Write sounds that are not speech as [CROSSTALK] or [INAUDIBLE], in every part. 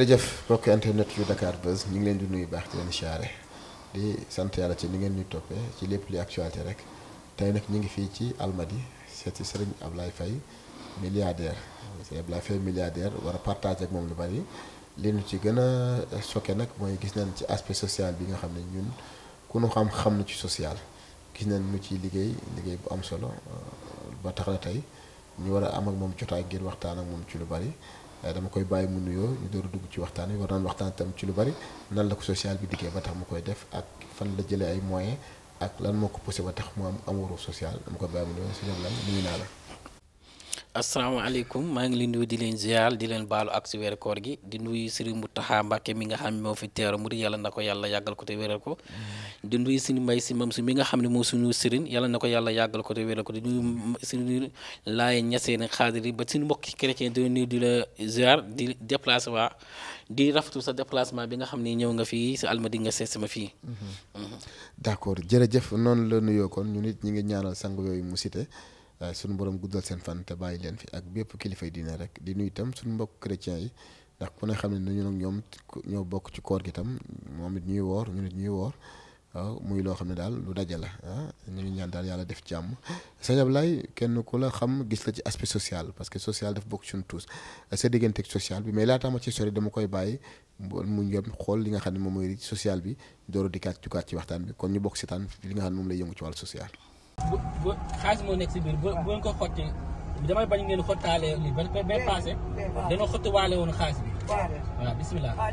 jërëjëf mbokk internet yu Dakar Buzz ñu ngi leen di nuy baax di leen di sant yàlla ci li ngeen ñu toppee ci lépp li actualité rek tey nag ñu ngi fii ci Almadi seeti Serigne Ablaye Faye milliardaire Serigne Ablaye Faye milliardaire war a partager ak moom lu bari li ñu ci gën a choqué nag mooy gis nañ ci aspect social bi nga xam ne ñun ku ñu xam xam na ci social gis nañ mu ci liggéey liggéey bu am solo ba tax na tey ñu war a am ak moom jotaay ngir waxtaan ak moom ci lu bari. Euh, dama koy bàyyi mu nuyoo ñu door dugg ci waxtaan wi war naan waxtaan tam ci lu bari nan la ko social bi dikkee ba tax mu koy def ak fan la jëlee ay moyens ak lan moo ko poussé ba tax mu am amour social dama koy bàyyi mu nuyoo si ñoom la nuyu naa la. asalaamaaleykum maa ngi leen nuyu di leen ziar di leen baalu ak si weeru koor gi di nuyu Serigne Mountakha Mbacké mi nga xam ne moo fi teeru mu di yàlla na ko yàlla yàggal ko te wéral ko di nuyu Serigne Mbaye Sy mi nga xam ne moo suñu Serigne yàlla na ko yàlla yàggal ko te wéral ko di nuyu Serigne Laye Niassène Khadir yi ba suñu mbokki chrétien di nuyu di la ziar di déplacé waa di rafetlu sa déplacement bi nga xam ni ñëw nga fii si almadi nga seet sama fii d'accord jërëjëf noonu la nuyoo kon ñu nit ñi ngi ñaanal sang yooyu mu suñu borom guddal seen fan te bàyyi leen fi ak bépp kilifay diine rek di nuyu itam suñu mbokk chrétiens yi ndax ku ne xam ne ñun ak ñoom ñoo bokk ci koor gi tam moom it ñuy woor ñun ñuy woor waaw muy loo xam ne daal lu daje la ah ñaan daal yàlla def jàmm sëñ Ablaye kenn ku la xam gis la ci aspect social parce que social daf bokk suñu tous sa digganteeg social bi mais laataama ci sori dama koy bàyyi mu ñëw xool li nga xam ne moom social bi door a dikkaat jukaat ci waxtaan bi kon ñu bokk si taan li nga xam ne moom lay yëngu ci wàllu bu bu xaalis moo nekk si biir bu bu ko xotti damay bañ ngeen xottaale lii ba ba ba passé. dana xottiwaale woon xaalis bi. waaw bisimilah. Ah,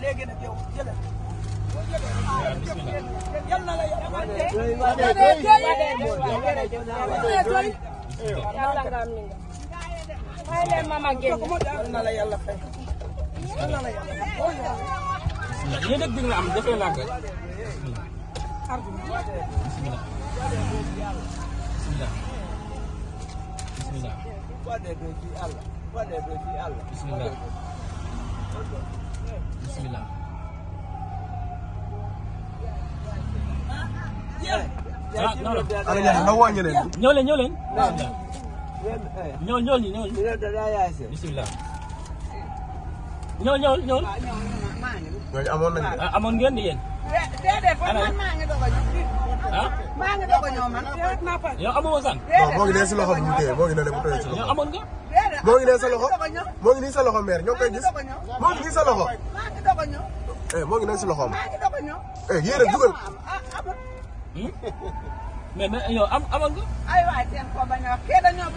yàlla fay. yal bismillah bismillah waɗeɗo fi allah bismillah bismillah alañaa ah, na wàññi leen ñëw leen ñëw leen ñëw ñëw ñi ñëw ah, amoon ngeen di yéen ah. maa ngi doog a ñëw man. yow amoo moo ngi si loxo bi mu téye moo ngi ne la mu téye si loxo. yow amoon nga. moo ngi nee sa loxo moo ngi nii loxo mère ñoo koy gis. moo ngi nii sa loxo. eh moo ngi nee si loxoom. eh yéen a dugal. mais mais am a wax kii dañoo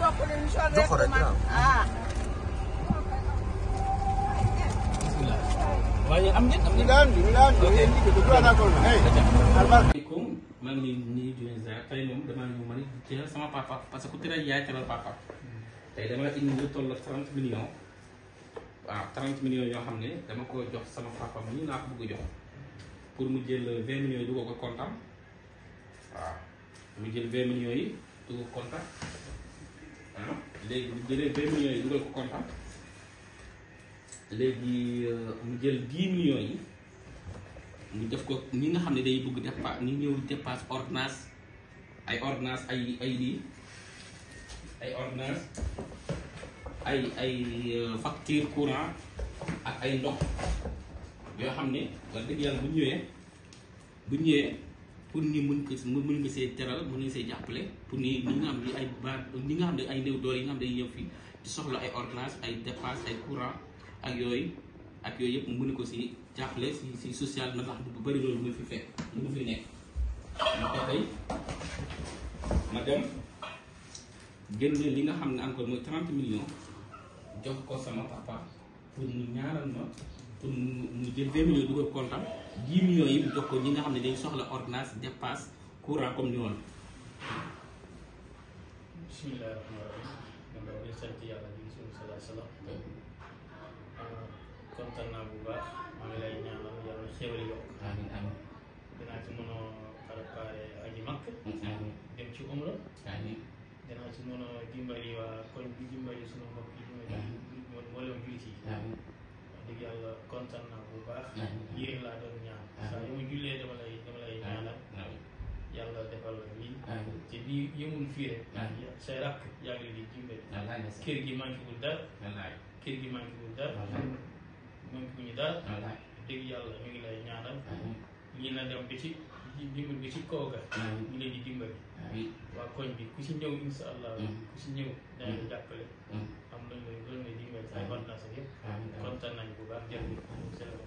man ngi nii di leen ziar tey moom damaa ñëw ma ne teral sama papa parce que ku teral yaay teral papa tey dama indi lu toll 30 millions waaw 30 millions yoo xam ne dama ko jox sama papa mu naa ko bëgg jox pour mu jël 20 millions yi dugal ko kontam waaw jël 20 millions yi dugal ko kontam ah léegi mu jëlee 20 millions jël 10 millions yi. ñu def ko ñi nga xam ne day bëgg dépa ñu ñëw dépasse ordonnance ay ordonnance ay ay ay ordonnance ay ay euh, facture courant ak ay ndox yoo xam ne wax dëgg yàlla bu ñëwee bu ñëwee pour ñu mun ko mu mën nga see teral mën nga see jàppale pour ni ñi nga xam ne ay ba ñi nga xam ne ay néew doole yi nga xam ne day yëf fi di soxla ay ordonnance ay dépasse ay courant ak yooyu ak yooyu yëpp mën ko si jàppale si si social na tax bu bëri loolu mu fi fekk mu fi nekk ma ko tey ma dem li nga xam ne encore mooy trente millions jox ko sama papa pour mu ñaaral ma pour mu jël vingt millions dugal kontaan dix millions yi mu jox ko ñi nga xam ne dañ soxla ordonnance dépasse courant comme ni woon kontaan naa bu baax maa ngi lay ñaanal yàlla xéwal yokk. amiin amiin. dinaa ci mën a préparé aji makk. dem ci umra. amiin. dinaa ci mën a waa koñ bi dimbali sunu mbokk yi dimbali mboolem jullit yi. amiin. wax dëgg yàlla yu ma jullee say rakk yaa di dimbali. kër gi manqué wul dara. kër gi manqué wul dara. mënut ñu dara. wallaay dëgg yàlla ñu ngi lay ñaanal. ñii na dem bi ci dimbal bi ci kaw di dimbali. waa koñ bi ku si ñëw incha allah. ku si ñëw daañu la am nañu looy loolu dimbali ay bandaas yëpp. kontaan nañu bu baax jërëjëf.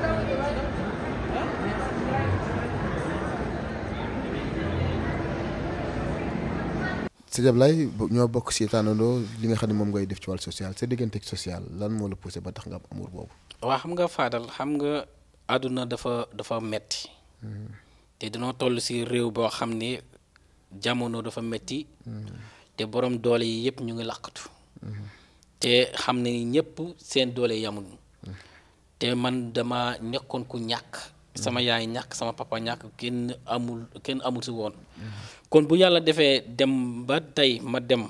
Thank you. sëñ Ablaye ñoo bokk si tànnandoo li nga xam ne moom ngay def ci wàllu social sa diggante social lan moo la poussé ba tax nga am amour boobu. waa xam nga faadal xam nga àdduna dafa dafa metti hmm. te dañoo toll si réew boo xam ne jamono dafa metti hmm. te borom doole yi yëpp ñu ngi làqatu hmm. te xam ne ñëpp seen doole yamul te man dama nekkoon ku ñàkk. sama mhm. yaay ñàkk sama papa ñàkk kenn amul kenn amul si woon mhm. kon bu yàlla defee dem ba tey ma dem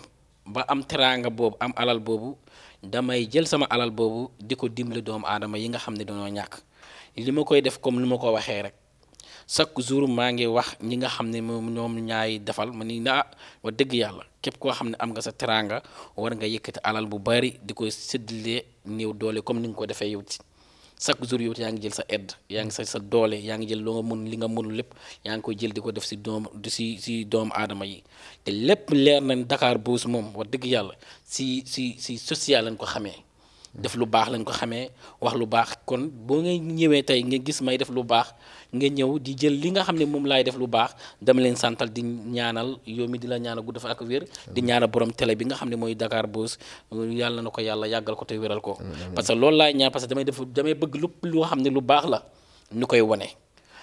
ba am teraanga boobu am alal boobu damay jël sama alal boobu di ko dimbali doomu aadama yi nga xam ne dañoo ñàkk li ma koy def comme ni ma ko waxee rek chaque jour maa ngi wax ñi nga xam ne moom ñoom ñaay defal ma nii naa ah, wa dëgg yàlla képp koo xam ne am nga sa teraanga war nga yëkkati alal bu bari di ko séddale néew doole comme ni nga ko defee yow ci chaque jour yow yaa ngi jël sa aide yaa ngi sa sa doole yaa ngi jël loo nga mun li nga mënul lépp yaa ngi koy jël di ko def si doom si si doomu aadama yi te lépp leer nañ Dakar Buzz moom wax dëgg yàlla si si si social lañ ko xamee. def lu baax lañ ko xamee wax lu baax kon boo ngay ñëwee tey nga gis may def lu baax nga ñëw di jël li nga xam ne moom laay def lu baax dama leen santal di ñaanal yow mi di la ñaanal gudd fa ak wér di ñaanal borom tele bi nga xam ne mooy dakaar Buzz yàlla na ko yàlla yàggal ko te wéral ko parce que loolu laay ñaan parce que damay def damay bëgg lu loo xam ne lu baax la ñu koy wane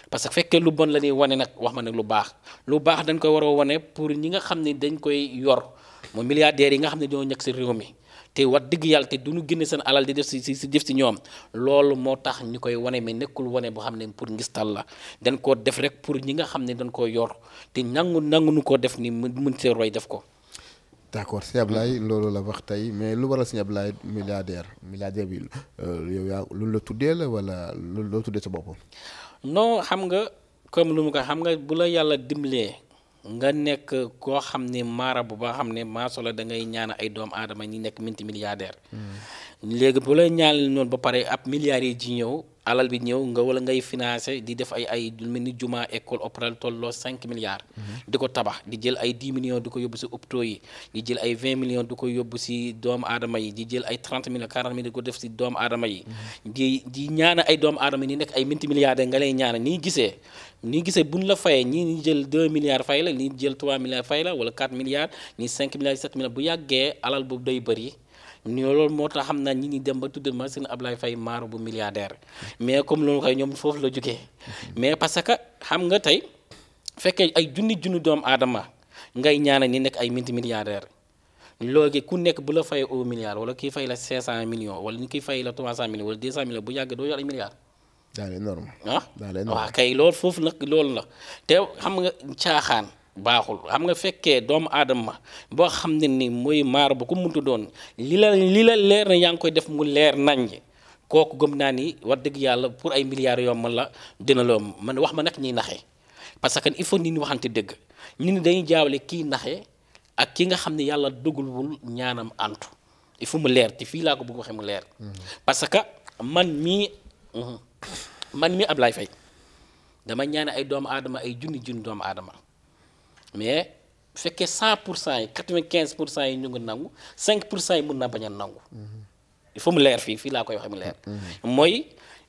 parce que fekkee lu bon la ñuy wane nag wax ma ne lu baax lu baax dañ koy war a wane pour ñi nga xam ne dañ koy yor moom milliardaires yi nga xam ne doo nekk si réew mi te wax dëgg yàlla te du ñu génne seen alal di def si si def si ñoom loolu moo tax ñu koy wane mais nekkul wane boo xam ne pour ngistal la dañ koo def rek pour ñi nga xam ne dañ koo yor te nangu nangu nu koo def ni mën see roy def ko. d'accord sëñ Ablaye loolu la wax tey mais lu waral sëñ Ablaye milliardaire milliardaire bi euh, yow yaa lu la tuddee la wala lu loo tuddee sa bopp. non xam nga comme lu mu ko xam nga bu la yàlla dimbalee. nga nekk koo xam ne maara bu baa xam ne maasola da ngay ñaan ay doomu aadama ñi nekk minti milliardaire hmm. léegi bu la ñaanal noonu ba pare ab milliards yi ji ñëw alal bi ñëw nga wala ngay financé di def ay ay lu mel ni juma école opéral tolloo cinq milliards mhm. di ko tabax di jël ay dix millions di ko yóbbu si hôpitaux yi di jël ay vingt millions di ko yóbbu si doomu adama yi di jël ay trente millions quarante millions di ko def si doomu aadama yi mhm. di di ñaana ay doomu aadama yi ni nekk ay minti milliards nga lay ñaana nii gisee nii gisee buñ la fayee ñii ni jël deux milliards fay la nii jël trois milliards fay la wala quatre milliards cinq milliards sept milliards bu yàggee alal boobu day bëri ni loolu moo tax xam naa ñi ñi dem ba tudd ma seen Ablaye Faye maar bu milliardaire mais comme loolu kay ñoom foofu la jógee mais parce que xam nga tey fekkee ay junni junni doomu aadama ngay ñaanal ñi nekk ay minti milliardaire loogi ku nekk bu la fay au milliard wala kii fay la 500 millions wala ñu kii fay la 300 millions wala 200 millions bu yàgg doo yor ay milliards. daal ah? kay loolu foofu nag loolu na te xam nga caaxaan. baaxul xam nga fekkee doomu aadama boo xam ne ni mooy maar bu ko muntu doon li la li la leer na yaa ngi koy def mu leer nañ kooku gëm naa ni wax dëgg yàlla pour ay milliards yomb la dina loo man wax ma nag nii naxe parce que il faut nit ñi waxante dëgg nit ñi dañuy jaawale kii naxe ak ki nga xam ne yàlla dogalul ñaanam ant il faut mu leer te fii laa ko bëgg waxee mu leer. Mm-hmm. parce que man mii man mii ab Ablaye Faye dama ñaan ay doomu aadama ay junni junni doomu aadama. mais bu fekkee cent pour cent yi quatre vingt quinze pour cent yi ñu nangu cinq pour cent yi mun naa bañ nangu. il mu leer fii fii laa koy waxee mu leer. mooy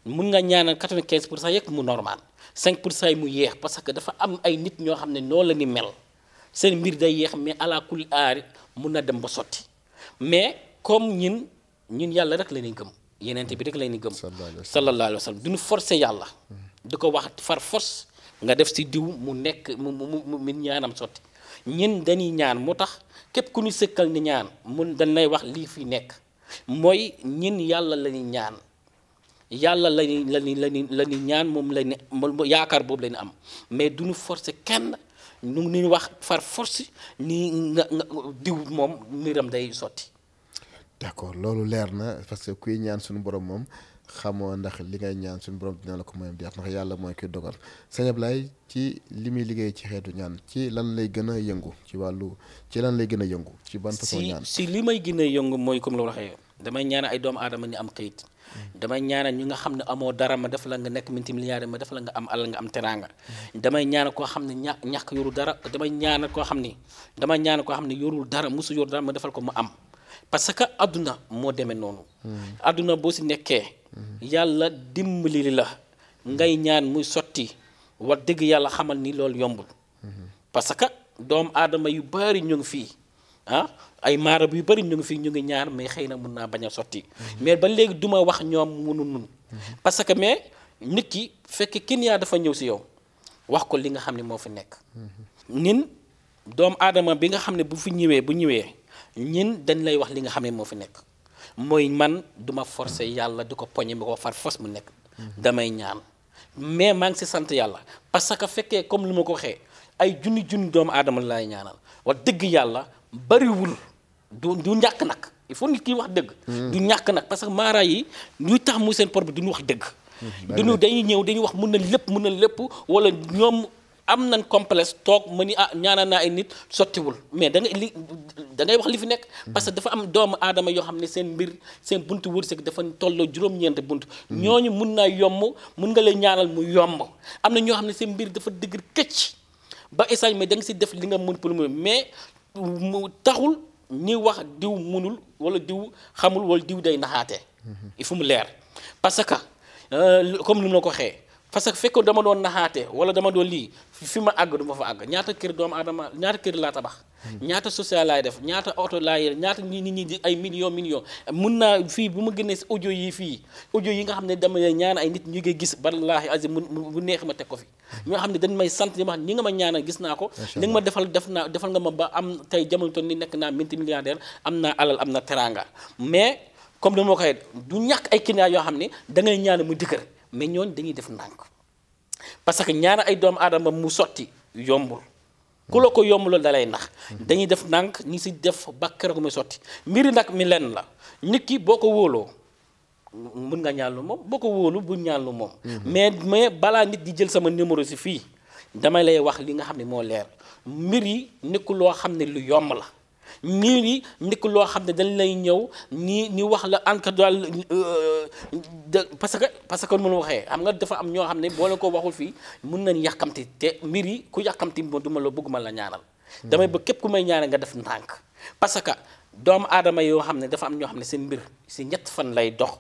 mun nga ñaanal quatre vingt quinze pour cent yëpp mu normal cinq pour cent yi mu yéex parce que dafa am ay nit ñoo xam ne noo la ni mel seen mbir day yéex mais ala kulli aari mun na dem ba sotti mais comme ñun ñun yàlla rek la ñuy gëm. yeneen bi rek la ñuy gëm. sallallahu alayhi wa sallam du ñu forcer yàlla. di ko wax nga def si diw mu nekk mu mu mu ñaanam sotti ñun dañuy ñaan moo tax képp ku ñu sëkkal ni ñaan mun dañ lay wax lii fi nekk mooy ñin yàlla la ñaan yàlla la la la la ñaan moom la ñu yaakaar boobu la am mais du ñu forcer kenn nu ñu wax far force ni diw moom mbiram day sotti. d'accord loolu leer na parce que kuy ñaan suñu borom moom. xamoo ndax li ngay ñaan suñu borom dina la ko moyam jeex ndax yàlla mooy ki dogal sëñ ci li muy liggéey ci xeetu ñaan ci lan lay gën a yëngu ci wàllu ci lan lay gën a yëngu. ci ban façon ñaan si li may gën a yëngu mooy comme la waxee damay ñaanal ay doomu aadama ñu am kayit. Hmm. damay ñaanal ñu nga xam ne amoo dara ma def la nga nekk multimilliardaire ma def la nga am alal nga am teraanga. damay ñaanal koo xam ne ña ñàkk yorul dara damay ñaanal koo xam ni damay ñaanal koo xam ne yorul dara musu yor dara ma defal ko mu am parce que àdduna moo demee noonu. àdduna hmm. boo si nekkee yàlla dimbali la ngay ñaan muy sotti wax dëgg yàlla xamal ni loolu yombul parce que doomu aadama yu bari ñu ngi fii ah ay maarab yu bari ñu ngi fii ñu ngi ñaar mais xëy na mun naa bañ a sotti mais ba léegi duma wax ñoom munu nun parce que mais nit ki fekk kin yaa dafa ñëw si yow wax ko li nga xam ne moo fi nekk ñin doomu aadama bi nga xam ne bu fi ñëwee bu ñëwee ñin dañ lay wax li nga xam ne moo fi nekk mooy man duma forcer yàlla du ko poñe mi ko far force mu nekk damay ñaan mais maa ngi si sant yàlla parce que fekkee comme li ma ko waxee ay junni junni doomu aadama lay ñaanal wax dëgg yàlla bariwul du du ñàkk nag il faut nit kiy wax dëgg mm. du ñàkk nag parce que maara yi ñuy tax mu seen problème du ñu wax dëgg mm. dañu dañuy ñëw dañuy wax mun na lépp mun na lépp wala ñoom am na complexe toog ma ni ah ñaanal naa ay nit sottiwul mais da ngay li da ngay wax li fi nekk. parce que dafa am doomu aadama yoo xam ne seen mbir seen buntu wërsëg dafa tolloo juróom-ñeent bunt. ñooñu mun naa yomb mun nga leen ñaanal mu yomb am na ñoo xam ne seen mbir dafa dëgër këcc ba essage mais da nga si def li nga mun pour mu mais mu taxul ñuy wax diw munul wala diw xamul wala diw day naxaate. i fu mu leer parce que euh, comme ni ma ko waxee. parce que fekkoon dama doon naxaate wala dama doon lii fi ma àgg du ma fa àgg ñaata kër doomu aadama ñaata kër laa tabax. Hmm. ñaata social laay def ñaata oto laay yor ñaata nit ñi di ay millions millions. mun naa fii bu ma génnee si audio yi fii audio yi nga xam ne dama ñaan ay nit ñu ngi gis ballaahi azim mu neex ma teg ko fi. ñoo xam ne dañ may sant ñi ñi nga ma ñaanal gis naa ko. li nga def naa defal nga ma ba am tey jamono ni nekk naa minti milliardaire am naa alal am na teraanga mais comme dama koy du ñàkk ay clients yoo xam ne da ngay ñaan mu dëkkër mais ñooñ dañuy def ndànk parce que ñaar ay doomu adama mu sotti yombul ku la ko yombuloo dalay nax dañuy def ndànk ñi si def bàkkar ko muy sotti mbiri nag mi lenn la nit ki boo ko wóoloo mun nga ñaan lu moom boo ko wóolu bu ñaan lu moom mhm. mais mais balaa nit di jël sama numéro si fii damay lay wax li nga xam ne moo leer mbir yi nekkul loo xam ne lu yomb la miir yi ndikk loo xam ne dañ lay ñëw ni ni wax la encadral euh, parce que parce que mënu waxee xam nga dafa am ñoo xam ne boo la ko waxul fii mun nañ yàkkamti te mbir yi ku yàkkamti mo du la bëgguma la ñaanal damay ba képp ku may ñaanal nga def ndànk parce que doomu aadama yoo xam ne dafa am ñoo xam ne seen mbir si ñett fan lay dox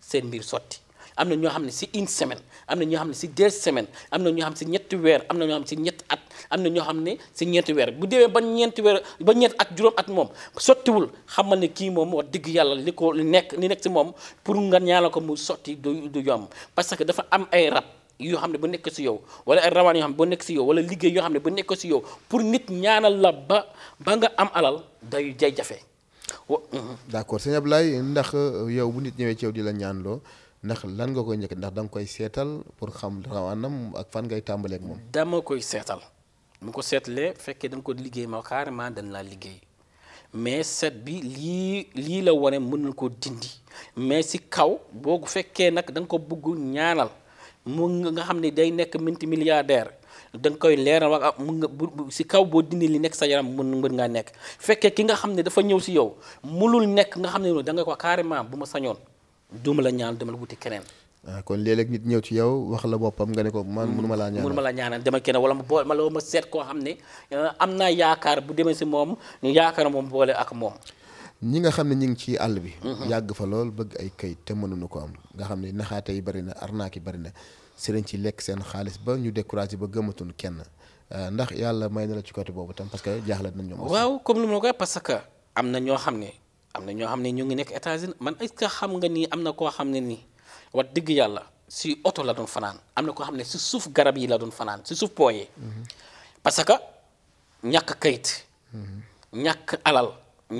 seen mbir sotti am na ñoo xam ne si une semaine am na ñoo xam ne si dee semaines am na ñoo xam ne si ñetti weer am na ñoo xam ne si ñett at am na ñoo xam ne si ñeenti weer bu demee ba ñeenti weer ba ñeenti at juróom at moom sottiwul xamal ne kii moom wax digg yàlla li ko li nekk li nekk si moom pour nga ñaala ko mu sotti du du yomb parce que dafa am ay rab yoo xam ne bu nekk si yow wala ay rawaan nekk si yow wala liggéey yoo xam ne bu nekk si yow pour nit ñaanal la ba ba nga am alal day jay jafe. Mhm. d'accord sëñ Ablaye ndax euh, yow bu nit ñëwee ci yow di la ñaanloo. ndax lan nga koy njëkk ndax danga koy seetal pour xam rawaanam ak fan ngay tàmbaleek moom. dama koy seetal mu ko seetlee fekkee da nga ko liggéey ma carrément dañ laa liggéey mais seet bi lii lii la wane mën na koo dindi mais si kaw boo ko fekkee nag da ko bëgg ñaanal mu nga xam ne day nekk minti milliardaire. da nga koy leeral wax ah mu nga bu si kaw boo dindi li nekk sa yaram mën mën ngaa nekk fekkee ki nga xam ne dafa ñëw si yow mënul nekk nga xam ne da nga ko carrément bu ma sañoon duuma la ñaan demal wuti keneen. waaw ah, kon léeg nit ñëw ci yow wax la boppam nga ne ko man mënuma mm, laa ñaanal la ñaanal demal keneen wala ma boole ma la ma seet koo xam ne ah, am naa yaakaar bu demee si moom yaakaar moom boole ak moom. ñi nga xam ne ñu ngi ci àll bi. Mm-hmm. yàgg fa lool bëgg ay kayit te mënuñu ko am nga xam ne naxaate yi bari na arnaque yi bari na sëriñ ci lekk seen xaalis ba ñu découragé ba gëmatuñ kenn ah, ndax yàlla may na la ci côté boobu tam parce que jaaxle nañ ñoom. waaw comme lu ma la ko parce que am na ñoo xam ne am na ñoo xam ne ñu ngi nekk États-Unis man ay ce que xam nga nii am na koo xam ne nii wax dëgg yàlla si oto la doon fanaan am na koo xam ne si suuf garab yi la doon fanaan si suuf pooyee mm-hmm. parce que ñàkk kayit mm-hmm. ñàkk alal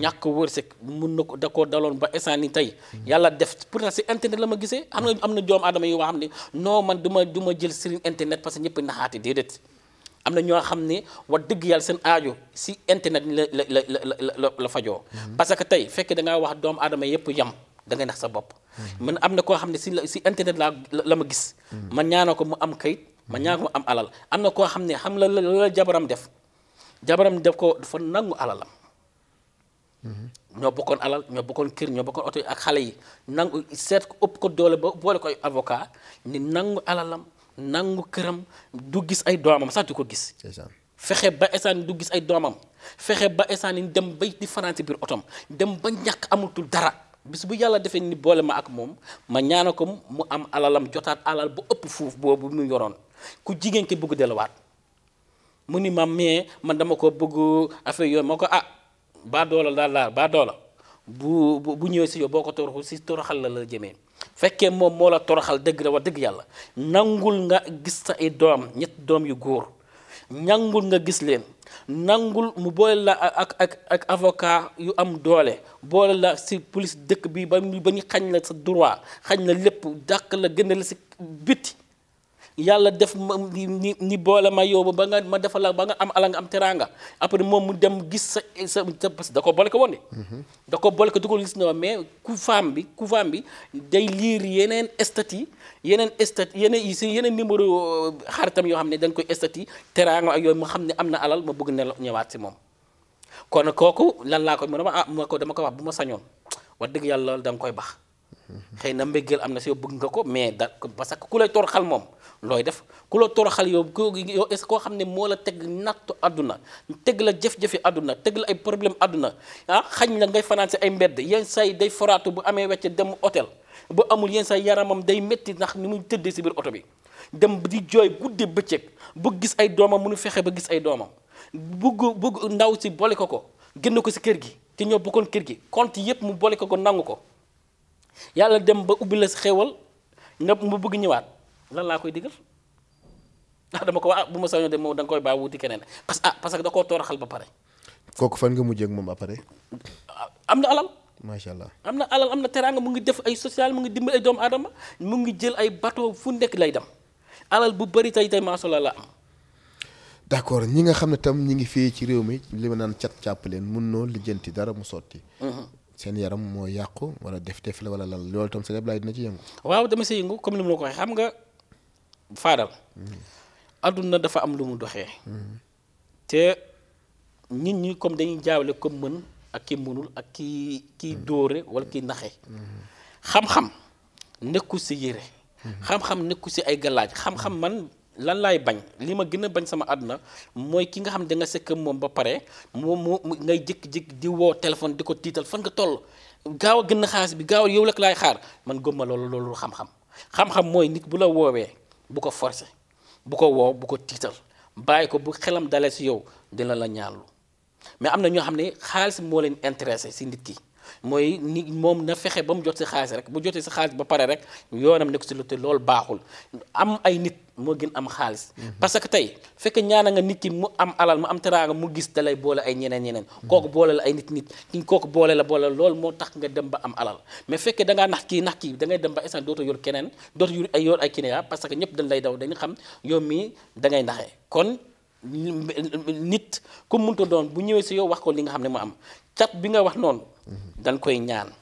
ñàkk wërsëg mun na ko da koo daloon ba instant ni tey mm-hmm. yàlla def pourtant si internet la ma gisee am na am na joom aadama yi waa xam ne noo man du ma du jël sëriñ internet parce que ñëpp naxaate déedéet am na ñoo xam ne wax dëgg yàlla seen aajo si internet la la la fajoo. Mhm. parce que tey fekk da wax doomu aadama yëpp yam da ngay sa bopp. Mhm. man am na koo xam ne si si internet laa la ma gis. Mhm. ma ñaana ko mu am kayit ma ñaana ko mu am alal am na koo xam ne xam la la jabaram def jabaram def ko dafa nangu alalam. ñoo bokkoon alal ñoo bokkoon kër ñoo bokkoon oto ak xale yi nangu seet ko ëpp ko doole ba boole koy avocat ni nangu alalam. nangu këram du gis ay doomam sax du ko gis. fexe ba esaan du gis ay doomam fexe ba esaan dem ba di biir otom dem ba ñàkk amatul dara bis bu yàlla defee ni boole ma ak moom ma ñaana ko mu am alalam jotaat alal bu ëpp fuuf boobu mu yoroon ku jigéen ki bugg delluwaat mu ni ma mais man dama ko bëgg affaire yooyu moo ko ah baa doola daal daal baa doola bu bu ñëwee si yow boo ko toroxu si toroxal la la jëmee. fekkee moom moo la toroxal dëgg la wax dëgg yàlla nangul nga gis sa ay doom ñetti doom yu góor nangul nga gis leen nangul mu boole la ak ak ak avocat yu am doole boole la si police dëkk bi ba ba ñu xañ la sa droit xañ la lépp dàq la génne la si biti yàlla def ma ni ni boole ma yow ba nga ma defal la ba nga am ala nga am teraanga après moom mu dem gis sa sa parce que da ko boole ko woon de. Mhm. da ko boole ko du gis noonu mais ku bi ku bi day liir yeneen statut yeneen statut yeneen si yeneen numéro euh, xaritam yoo xam ne dañ koy statut teraanga ak yooyu mu xam ne am na alal ma bëgg ne ñëwaat si moom. kon kooku lan laa koy mën a ah ma ko dama ko wax bu ma sañoon wax dëgg yàlla da nga koy baax. xëy na mbëggeel am na si yow bëgg nga ko mais da parce que ku lay toroxal moom looy def ku la toroxal yow yow est-ce koo xam ne moo la teg nattu àdduna teg la jëf-jëfi àdduna teg la ay problème àdduna ah xañ la ngay fanaan si ay mbedd yenn say day foraatu bu amee wecc dem otel bu amul yenn say yaramam day métti ndax ni mu tëddee si biir oto bi dem di jooy guddi bëccëg bu gis ay doomam mënu fexe ba gis ay doomam bugg bugg ndaw si boole ko ko génn ko si kër gi te ñoo bokkoon kër gi compte yépp mu boole ko ko nangu ko yàlla dem ba ubbi la sa xéewal nga mu bëgg ñëwaat lan laa koy digal ndax ah, dama ko wax ah, bu ma sañoo dem moom da nga koy bàyyi wuti keneen parce que ah parce que da tooraxal ba pare. kooku fan nga mujjee ak moom après. Ah, am na alal. macha allah am na alal am na teraanga mu ngi def ay social mu ngi dimbali ay doomu aadama mu ngi jël ay bateau fu nekk lay dem alal bu bëri tey tey macha la am. d' accord ñi nga xam ne tam ñi ngi fii ci réew mi li ma naan cat càpp leen mun noo lijjanti dara mu sotti. Mhm. seen yaram moo yàqu wala def-def la wala lan loolu tam sëñ Ablaye dina ci yëngu. waaw dama si yëngu comme ni mu a ko waxee xam nga faadal àdduna mm-hmm. dafa am lu mu doxee. Mm-hmm. te nit ñi comme dañuy jaawale comme mën ak ki mënul ak ki kiy mm-hmm. dóore wala kiy naxe. xam-xam nekku si yére. xam-xam nekku si ay galaaj xam-xam man. lan laay bañ li ma gën a bañ sama àdduna mooy ki nga xam da nga sëkk moom ba pare moom moo ngay jékki-jékki di woo téléphone di ko tiital fan nga toll gaaw a gën a xaalis bi gaaw a yow la laay xaar man gëm loolu loolu xam-xam xam-xam mooy nit bu la woowee bu ko forcer bu ko woo bu ko tiital bàyyi ko bu xelam dalee si yow dina la ñaalu mais am na ñoo xam ne xaalis moo leen intéressé si nit ki. mooy ni moom na fexe ba mu jot si xaalis rek bu jotee si xaalis ba pare rek yoonam nekk si lu te loolu baaxul am ay nit moo gën am xaalis mhm. parce que tey fekk ñaana nga nit ki mu am alal mu am teraanga mu gis da lay boole ay ñeneen ñeneen mhm. kooku boole la ay nit nit ki kooku boole la boole loolu moo tax nga dem ba am alal mais fekkee da ngaa nax kii nax kii da ngay dem ba instant dooto yor keneen dooto yor ay yor parce que ñëpp dañ lay daw dañu xam yow mii da ngay naxee kon nit ku mënta doon bu ñëwee si yow wax ko li nga xam ne mu am cat bi nga wax noonu dañ koy ñaan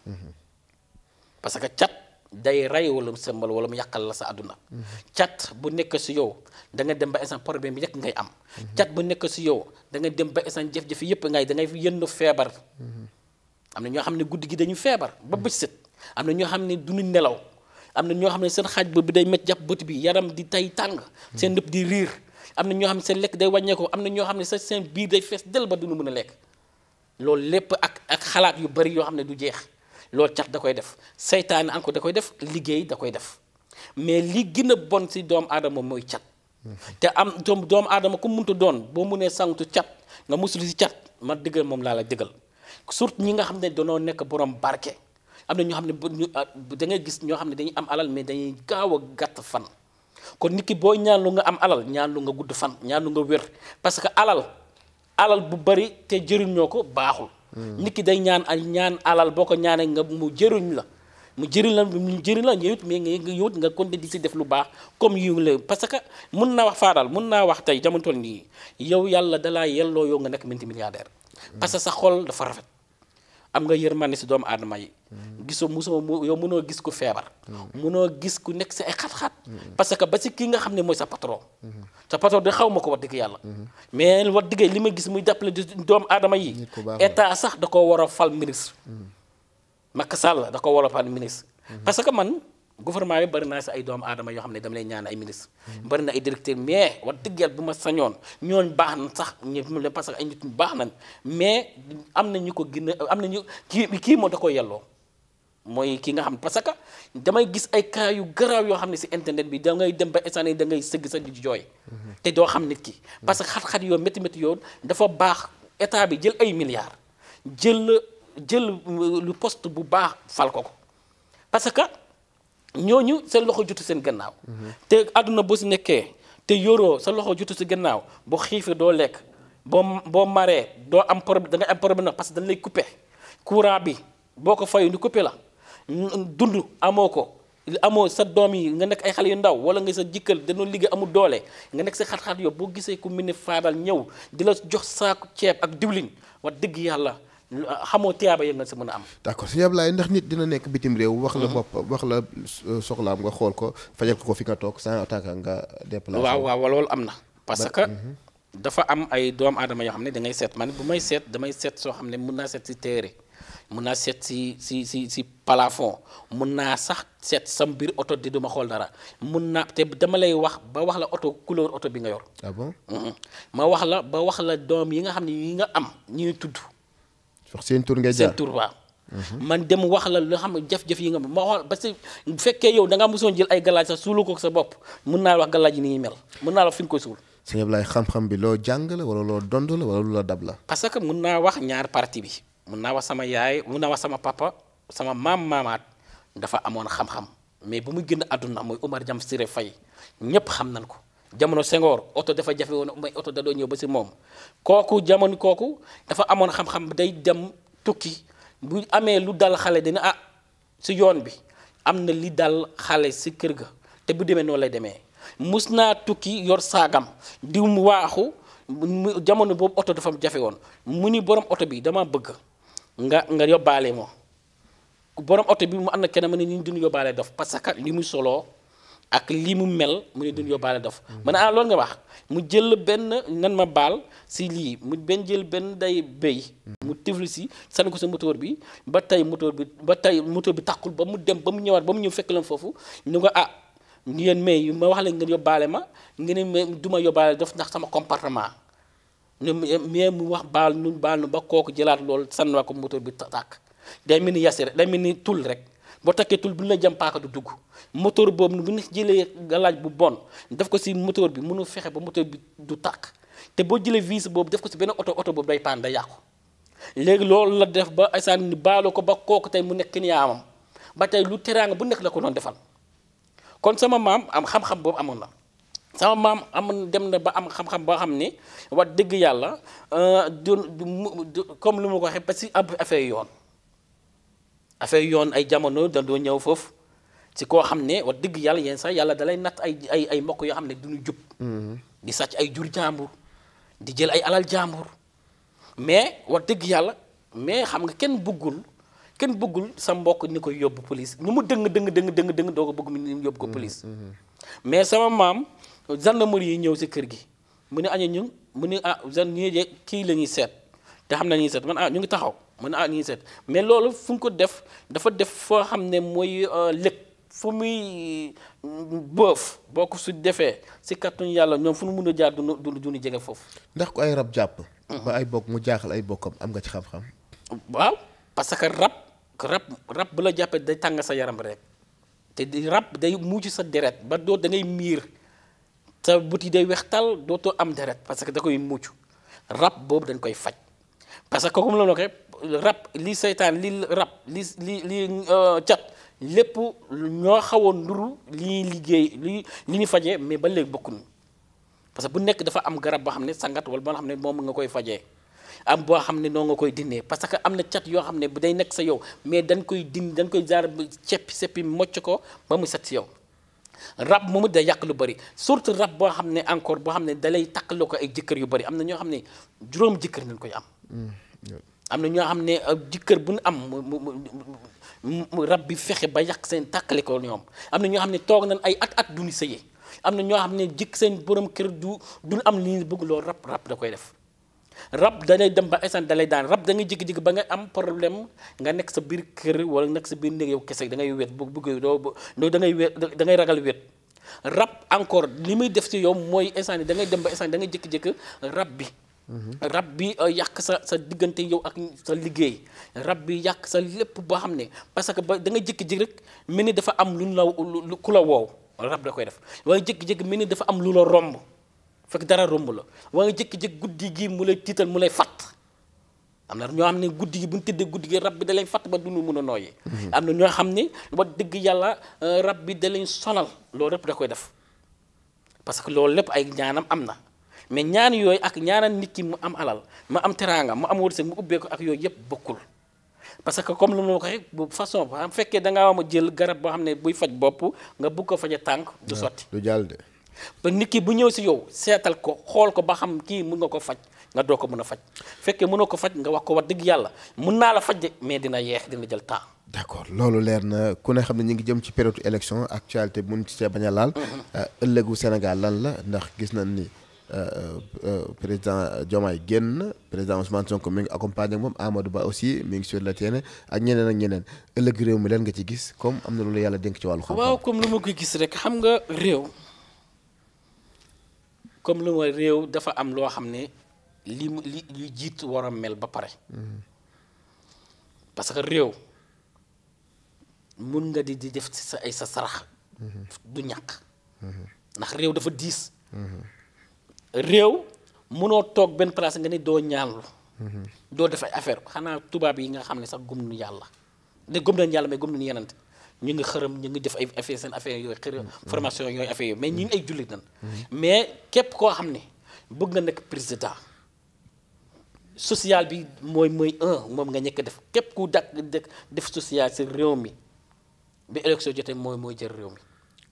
parce que cat day rey wala mu sëmbal wala mu yàqal la sa àdduna cat bu nekk si yow da nga dem ba instant problème yëpp ngay am cat bu nekk si yow da nga dem ba instant jëf-jëf yëpp ngay da ngay yenn feebar am na ñoo xam ne guddi gi dañu feebar ba bëccëg am na ñoo xam ne duñu nelaw am na ñoo xam ne seen xaaj bi day met jàpp bët bi yaram di tay tàng seen nëpp di riir am na ñoo xam ne seen lekk day wàññeeku am na ñoo xam ne sa seen biir day fees del ba duñu mën a lekk loolu lépp ak ak xalaat yu bari yoo xam ne du jeex loolu cat da koy def seytaane encore da koy def liggéey da koy def mais lii gën a bon si doomu aadama mooy cat te am doom doomu aadama ku munta doon boo munee sangutu cat nga musul si cat man dëggal moom laa la dëggal surtout ñi nga xam ne danoo nekk borom barke am na ñoo xam ne bu ah, da ngay gis ñoo xam ne dañuy am alal mais dañuy gaaw a gàtt fan kon nit ki boo ñaan lu nga am alal ñaan lu nga gudd fan ñaan lu nga wér parce que alal alal bu bari te jëriñoo ko baaxul. Hmm. nit ki day ñaan ay ñaan alal boo ko ñaanee nga mu jëriñ la. mu jëriñ la mu jëriñ la yow it mais nga yow nga continuer di si def lu baax comme yu la parce que mun naa wax faadal mun naa wax tey jamono nii yow yàlla dalaa yelloo yow nga nekk minti milliardaire. Hmm. parce que sa xol dafa rafet. am nga yërmande si doomu aadama yi. gisoo mu yow mënoo gis ku feebar mënoo mm-hmm. gis ku nekk si ay xat-xat mm-hmm. parce que ba si kii nga xam ne mooy sa patron mm-hmm. sa patron de xaw ma ko wax dëgg yàlla mais wax dëgg li ma gis muy jàppale doomu aadama yi état sax da ko war a fal ministre Macky Sall da ko war a ministre parce que man gouvernement bi bari naa si ay doomu aadama yoo xam ne dama lay ñaan ay ministre bari na ay mais wax dëgg yàlla bu ma sañoon ñooñ baax na sax ñu parce que ay nit ñu baax na mais am na ñu ko gën am na ñu kii moom da ko yelloo mooy kii nga xam parce que damay gis ay cas yu garaaw yoo xam ne si internet bi dangay dem ba instant da ngay sëgg sa di jooy te doo xam nit ki parce que xat-xat yoo métti métti yoo dafa baax état bi jël ay milliards jël jël lu post bu baax fal ko ko parce que ñooñu seen loxo jutu seen gannaaw te àdduna boo si nekkee te yoroo sa loxo jutu si gannaaw boo xiifee doo lekk boo boo maree doo am problème da nga am problème nag parce que dañ lay coupé courant bi boo ko fayu ñu coupé la dund amoo ko amoo sa doom yi nga nekk ay xale yu ndaw wala nga sa jikkal dañoo liggéey amul doole nga nekk sa xat-xat yow boo gisee ku mel ne faadal ñëw di la jox saaku ceeb ak diwlin wax dëgg yàlla xamoo tiyaaba yëpp nga si mën a am. d'accord sëñ Ablaye ndax nit dina nekk bitim réew. wax la mhm. bopp wax la soxlaam nga xool ko fajal ko fi nga toog sans attaque nga déplacé. waaw waaw loolu am na. parce que mhm. dafa am ay doomu aadama yoo xam ne da ngay seet man bu may seet damay seet soo xam ne mën naa seet si téere mun naa seet si si si si plafond mun naa sax seet sa mbir oto di duma xool dara mun naa te dama lay wax ba wax la oto couleur oto bi nga yor. ah ma wax la ba wax la doom yi nga xam ne yi nga am ñuy tudd. wax seen tur ngay jaar seen tur waaw. Mhm. man dem wax la loo xam ne jaf yi nga ma xool parce que bu fekkee yow da ngaa mosoon jël ay galaaj sax suulu ko sa bopp mun naa wax galaaj yi ni ñuy mel mun naa la fi nga ko suul. sëñ lay xam-xam bi loo jàng la wala loo dond la wala lu la dab la. parce que mun naa wax ñaar parti bi. mun naa wax sama yaay mun naa wax sama papa sama maam maamaat dafa amoon xam-xam mais bu muy génn àdduna mooy Umar Jam Siré Fay ñépp xam nañ ko jamono Senghor oto dafa jafe woon oto da ñëw ba si moom kooku jamono kooku dafa amoon xam-xam day dem tukki bu amee lu dal xale dina ah yoon bi am na li dal xale si kër ga te bu demee noonu lay demee mus naa tukki yor saagam di mu waaxu jamono boobu oto dafa jafe woon mu ni borom oto bi dama bëgg nga nga yóbbaale ma borom oto bi mu am na kenn ma ne ñu duñ yóbbaale dof parce que li mu soloo ak li mu mel mu ne duñ yóbbaale dof ma ne ah loolu nga wax mu jël benn nan ma baal si lii mu benn jël benn day béy mu tifli si sànni ko sa moteur bi ba tey moteur bi ba tey moteur bi takkul ba mu dem ba mu ñëwaat ba mu ñëw fekk leen foofu ñu ko ah yéen may ma wax leen ngeen yóbbaale ma ngeen ne duma yóbbaale dof ndax sama comportement mais mu wax baal nu baal nu ba kooku jëlaat lool sànniwaat ko moteur bi tàkk day mel ni yasi rek day mel ni tul rek boo takkee tul bu ñu la jëm paaka du dugg moteur boobu bu ñu jëlee galaaj bu bon def ko si moteur bi munu fexe ba moteur bi du tàkk te boo jëlee vis boobu def ko si benn oto oto boobu day paan day yàqu. léegi loolu la def ba aysaan ni baaloo ko ba kooku tey mu nekk kiniyaamam ba tey lu teraanga bu nekk la ko doon defal kon sama maam am xam-xam boobu amoon na. sama maam am dem na ba am xam-xam boo xam ni wax dëgg yàlla euh, du du comme lu mu ko waxee parce que ab affaire yoon affaire yoon ay jamono da doo ñëw foofu ci koo xam ne wax dëgg yàlla yenn sax yàlla dalay natt ay ay ay mbokk yoo xam ne duñu jub mm-hmm. di sàcc ay jur jàmbur di jël ay alal jàmbur mais wax dëgg yàlla mais xam nga kenn bëggul kenn bëggul sa mbokk ni ko yóbbu police nu mu dëng dëng dëng dëng dëng doo ko bëgg mu yóbbu ko police mm-hmm. mais sama maam gendarmerie yi ñëw si kër gi mu ne aña ñu mu ne ah gen ñu de kii la seet te xam na ñuy seet man ah ñu ngi taxaw man ah ñu ngi seet mais loolu fu ñu ko def dafa def foo xam ne mooy euh, lëg fu muy mm, bëf boo ko su defee si kàttanu yàlla ñoom fu nu mun a jaar dunu dunu dunu jege foofu ndax ko ay rab jàpp mm-hmm. ba ay bokk mu jaaxal ay bokkam am nga ci xam-xam waaw parce que rab rab rab bu la jàppee day tàng sa yaram rek te di rab day muuj sa deret ba doo da ngay miir sa buti day weex wextal dootoo am deret parce que da koy mucc rab boobu dañ koy faj parce que comme la waxee rab li seytaan li rab li li li euh, cat lépp ñoo xawoon nduru li liggéey li li ñu fajee mais ba léegi bokkuñu parce que bu nekk dafa am garab boo xam ne sangat wala boo xam ne moom nga koy fajee am boo xam ne noo nga koy dindee parce que am na cat yoo xam ne bu day nekk sa yow mais dañ koy dind dañ koy jaar seppi seppi mocc ko ba mu set si yow rab moomu day yàq lu bëri surtout rab boo xam ne encore boo xam ne dalay takkaloo ko ay jikkër yu bari am na ñoo xam ne juróom jëkkër nañ koy am am na ñoo xam ne euh, jëkkër bu nu am rab bi fexe ba yàq seen tàkkale ko ñoom am na ñoo xam ne toog nañ ay at at du ñu sëyee am na ñoo xam ne jëkk seen borom kër du dul am li ñu bëgg loolu rab rab da koy def rab da dem ba instant da lay daan rab dangay ngay jékki-jékki ba nga am problème nga nekk sa biir kër wala nekk sa biir néeg yow kese dangay ngay wet bu bëgg doo da ngay wet dangay ragal wet rab encore li muy def si yow mooy instant da ngay dem ba instant da ngay jékki-jékki rab bi. Mhm. rab bi euh, yàq sa sa diggante yow ak sa liggéey rab bi yàq sa lépp boo xam ne parce que ba da ngay jékki-jékki rek mel ni dafa am lu la ku la woow rab da koy def wala jékki-jékki mel ni dafa am lu la romb. fekk dara romb la waa nga jékki-jékki guddi gi mu lay tiital mu lay fàtt am na ñoo xam ne guddi gi bu ñu tëddee guddi gi rab bi da leen ba du ñu a nooyee mhm. am na ñoo xam ne ba dëgg yàlla euh, rab bi da leen sonal loolu lépp da koy def parce que loolu lépp ay ñaanam am na mais ñaan yooyu ak ñaanal nit ki mu am alal mu am teraanga mu am wërsëg mu ubbee ko ak yooyu yëpp bokkul parce que comme lu ma ko waxee bu façon bu fekkee da ngaa wama jël garab boo xam ne buy faj bopp nga bugg ko faja tànk du ba nit ki bu ñëw si yow seetal ko xool ko ba xam kii mun nga koo faj nga doo ko mën a faj fekkee mënoo ko faj nga wax ko wax dëgg yàlla mun naa la faj de mais dina yeex dina jël temps. d' accord loolu leer na ku ne xam ne ñu ngi jëm ci période élection actualité mun ci see bañ a laal. Mm-hmm. Euh, ëllëgu Sénégal lan la ndax gis na ni euh, euh, président Diomaye génn président Ousmane Sonko mi ngi accompagné moom Amadou Ba aussi mi ngi sur le terrain ak ñeneen ak ñeneen ëllëg réew mi nga ci gis comme am na loolu yàlla dénk ci wàllu xam-xam. rek xam nga réew. comme lu ma réew dafa am loo xam ne li mu li li jiit war a mel ba pare mhm. parce que réew mun nga di di def ci sa ay sa sarax mhm. du ñàkk mhm. ndax réew dafa diis réew munoo toog benn place nga ni doo ñaanlu doo def ay affaire xanaa tubaab yi nga xam ne sax gëm nu yàlla de gëm nañ yàlla mais gëm nañu yenante ñu ngi xërëm ñu ngi def ay affaire seen affaire yooyu xërëm mm-hmm. formation yooyu affaire yooyu mais ñu ngi mm-hmm. ay jullit nan mm-hmm. mais képp koo xam ne bëgg nga nekk président sociale bi mooy mooy moom nga ñekk def képp ku dëkk def social si réew mi bi élection jotee mooy mooy jël réew mi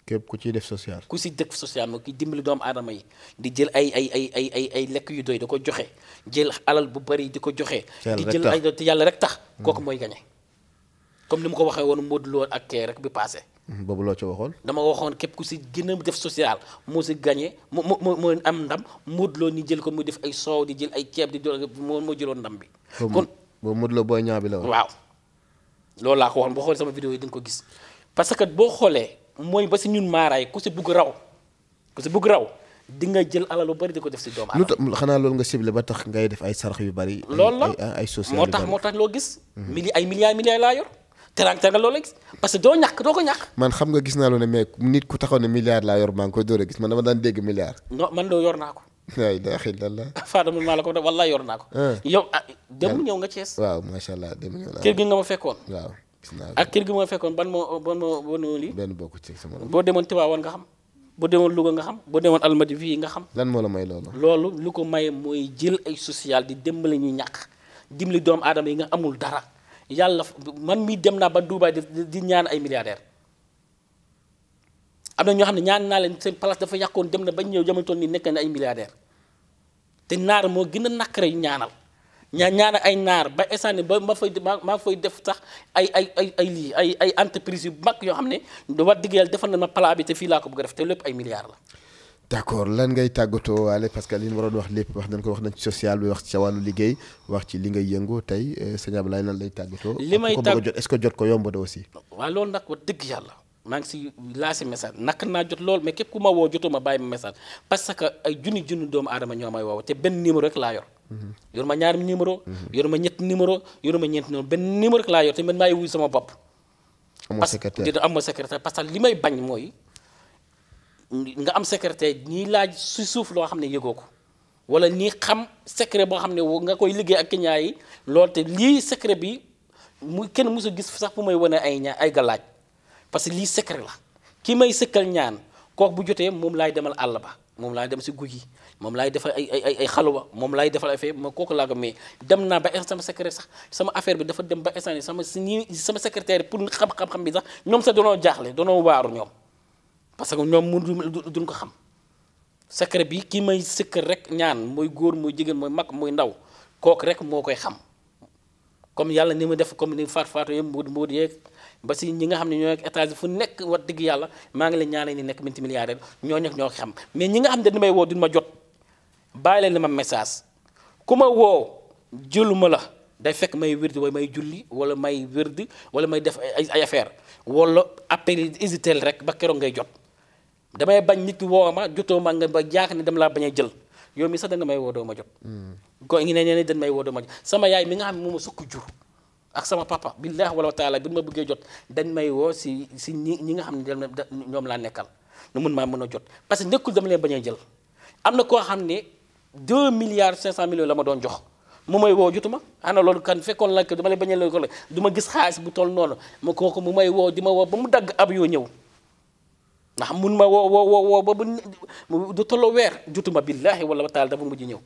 képp ku ciy def social. ku si def social moom ki dimbali doomu aadama yi di jël ay ay ay ay ay ay lekk yu doy da ko joxe jël alal bu bari di ko joxe. di jël ay yàlla rek tax kooku mm. mooy gañe comme li ma ko waxee woon Modou Lo ak kee rek bi passé. boobu loo ci waxoon. dama waxoon képp ku si gën a def social moo si gagné mu mu mu am ndam Modou Lo ni jël ko muy def ay soow di jël ay ceeb di jël moo moo jëloon ndam bi. kon boobu Modou Lo booy ñaa bi la woon. waaw loolu laa ko waxoon boo xoolee sama vidéo yi di nga ko gis parce que boo xoolee mooy ba si ñun maaraay ku si bugg raw ku si bugg raw. di nga jël alal lu bari di ko def si doomu aadama. lu tax xanaa loolu nga sible ba tax ngay def ay sarax yu bari. loolu la ay ay social moo tax moo tax loo gis. mili ay milliards teraanga teraanga loolu la gis parce que doo ñakk doo ko ñàkk. man xam nga gis naa lu ne mais nit ku taxaw ne milliard laa yor maa ngi koy a gis man dama daan dégg milliard. non man loolu yor naa ko. la ilaha [LAUGHS] la yor naa ko. Ah. yow ah demul ñëw nga Thiès. macha allah demul nga ma fekkoon. waaw gis naa ak kër ban moo ban moo bonoo lii. benn bokku ci sama. boo demoon Tivaouane nga xam. boo demoon Louga nga xam boo demoon Almadi fii nga xam. lan moo la may loolu. loolu lu ko may mooy jël ay social di dimbali ñu ñàkk dimbali doomu aadama yi nga amul dara yàlla man mii dem naa ba Dubaay di ñaan ay milliardaires am na ñoo xam ne ñaan naa leen seen place dafa yàqoon dem na bañ ñëw jamono toll nii nekk na ay milliardaires te naar moo gën a nàkkare yu ñaanal ñaa ñaanal ay naar ba instant ba ma fay ma maa fay def sax ay ay ay ay lii ay ay entreprise yu mag ñoo xam ne wax dëgg yàlla defal na ma palaa bi te fii laa ko bëgg a def te lépp ay milliards la. d' lan ngay tàggatoo waale parce que li ñu waroon wax lépp wax nañ ko wax nañ ci social bi wax ci li nga yëngu tey euh, sëñ Ablaye lan lay tàggatoo. li may tàgg jot est ce jot ko yomb na aussi. waaw loolu nag wax dëgg yàlla maa ngi si message nak naa jot lool mais képp ku ma woo jotoo ma bàyyi message parce que ay junni junni doomu aadama ñoo may woo te benn numéro rek laa yor. Mhm. yor ma ñaari numéro mhm. yor ma ñetti numéro yor ma ñeenti numéro benn numéro rek laa yor te man maay wuy sama bopp. amoo secrétaire parce que am ma secrétaire parce li may bañ mooy nga am secrétaire nii laaj si suuf loo xam ne yëgoo ko wala nii xam secret boo xam ne woo nga koy liggéey ak Kenya yi loolu te lii secret bi mu kenn sa gis sax bu may wanee ay ñaa ay galaaj parce que lii secret la ki may sëkkal ñaan kook bu jotee moom laay demal àll ba moom laay dem si guy yi moom laay defal ay ay ay xaluwa moom laay defal affaire ma kooku laa ko mais dem naa ba sama secret sax sama affaire bi dafa dem ba instant sama si sama secrétaire pour xam xam bi sax ñoom sax danoo jaaxle danoo waaru ñoom. parce que ñoom du duñ ko xam secret bi kii may sëkkër rek ñaan muy góor muy jigéen mooy mag muy ndaw kook rek moo koy xam comme yàlla ni ma def comme ni faat faatu yëpp mbuut mbuut yeeg ba si ñi nga xam ne ñoo ak fu nekk wax dëgg yàlla maa ngi leen ñaanal ni nekk minti milliardaire ñoo nekk ñoo xam mais ñi nga xam ne dañu may woo duñ ma jot bàyyi ma message ku ma woo jëluma la day fekk may wérdi wala may julli wala may wérdi wala may def ay affaire wala appel hésiteel rek ba keroog ngay jot damay bañ nit woo ma jotoo ma nga ba yaakaar ne dama laa bañ a jël yow mi sax danga may woo doo ma jot. ko hmm. ngi ne ne dañ may woo doo ma yaay mi xam ne moom sukk jur ak sama papa billaahi wala taala bi ma bëggee jot dañ may woo si si ñi ñi nga xam ne ñoom laa nekkal nu mun maa mën a jot parce que nekkul dama leen bañ a jël am na koo xam ne 2 milliards 500 millions la ma doon jox. mu may woo jutuma xanaa loolu kan fekkoon la ko dama leen bañ a la ko du ma gis xaalis bu toll noonu ma kooku mu may woo di ma woo ba mu dagg ab yoo ñëw nga xam mun ma woo woo woo ba bu du tolloo weer jutuma billaahi wala taala dafa mujj ñëw.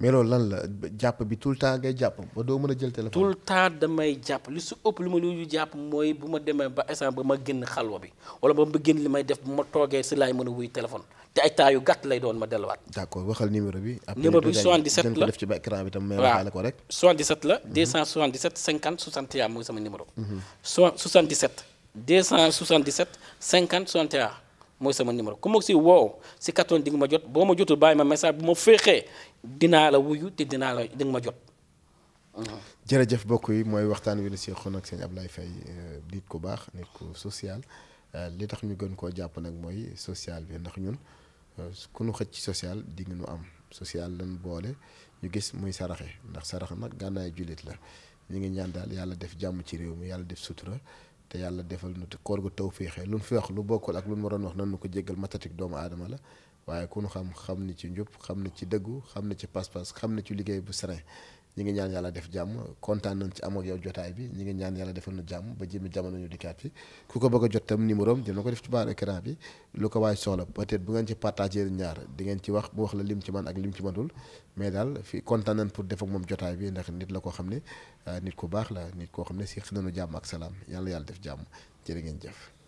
mais loolu lan la jàpp bi tout le temps ngay jàpp ba doo mën a jël téléphone. tout le temps damay jàpp lu su ëpp lu ma lu jàpp mooy bu ma demee ba instant ba ma génn xalwa bi wala ba ma génn li may def bu ma toogee si laay mën a wuy téléphone te lay doon ma delluwaat. d' accord waxal numéro bi. après numéro bi 77 la def ci écran bi tam may waxaale ko rek. 77 la 277 mhm. 50 cent 277 50 61 mooy sama numéro ku ma si woow si kattan di nga ma jot boo ma jotul bàyyi ma message bu ma féexee dinaa la wuyu te dinaa la di ma jot. a jërëjëf mbokk yi mooy waxtaan wi la si xoon ak ab Ablaye Faye euh, nit ku baax nit ku social euh, li tax ñu gën koo jàpp nag mooy social bi ndax ñun euh, ku nu xëcc social di nga nu am social lañ boole ñu gis muy saraxe ndax sarax nag gànnaay jullit la ñu ngi ñaan daal yàlla def jàmm ci réew mi yàlla def sutura. te yàlla defal nu kool gu taw féexee lu fi wax lu bokkul ak lu mu waroon wax nan nu ko jéggal matatik doomu aadama la waaye ku xam xam ni ci njub xam na ci dëggu xam na ci pas-pas xam na ci liggéey bu serein ñu ngi ñaan yàlla def jàmm kontaan nañ ci amoon jotaay bi ñi ngi ñaan yàlla defal na jàmm ba jëmi jamono ñu dikkaat fi ku ko bëgg jot tam numéro dina ko def ci baar écran bi lu ko waay soxla peut-être bu ngeen ci partagé ñaar di ngeen ci wax bu wax la lim ci man ak lim ci manul mais daal fi kontaan nañ pour def ak moom jotaay bi ndax nit la koo xam ne nit ku baax la nit koo xam ne si nañu jàmm ak salaam yàlla yàlla def jàmm jërë ngeen jëf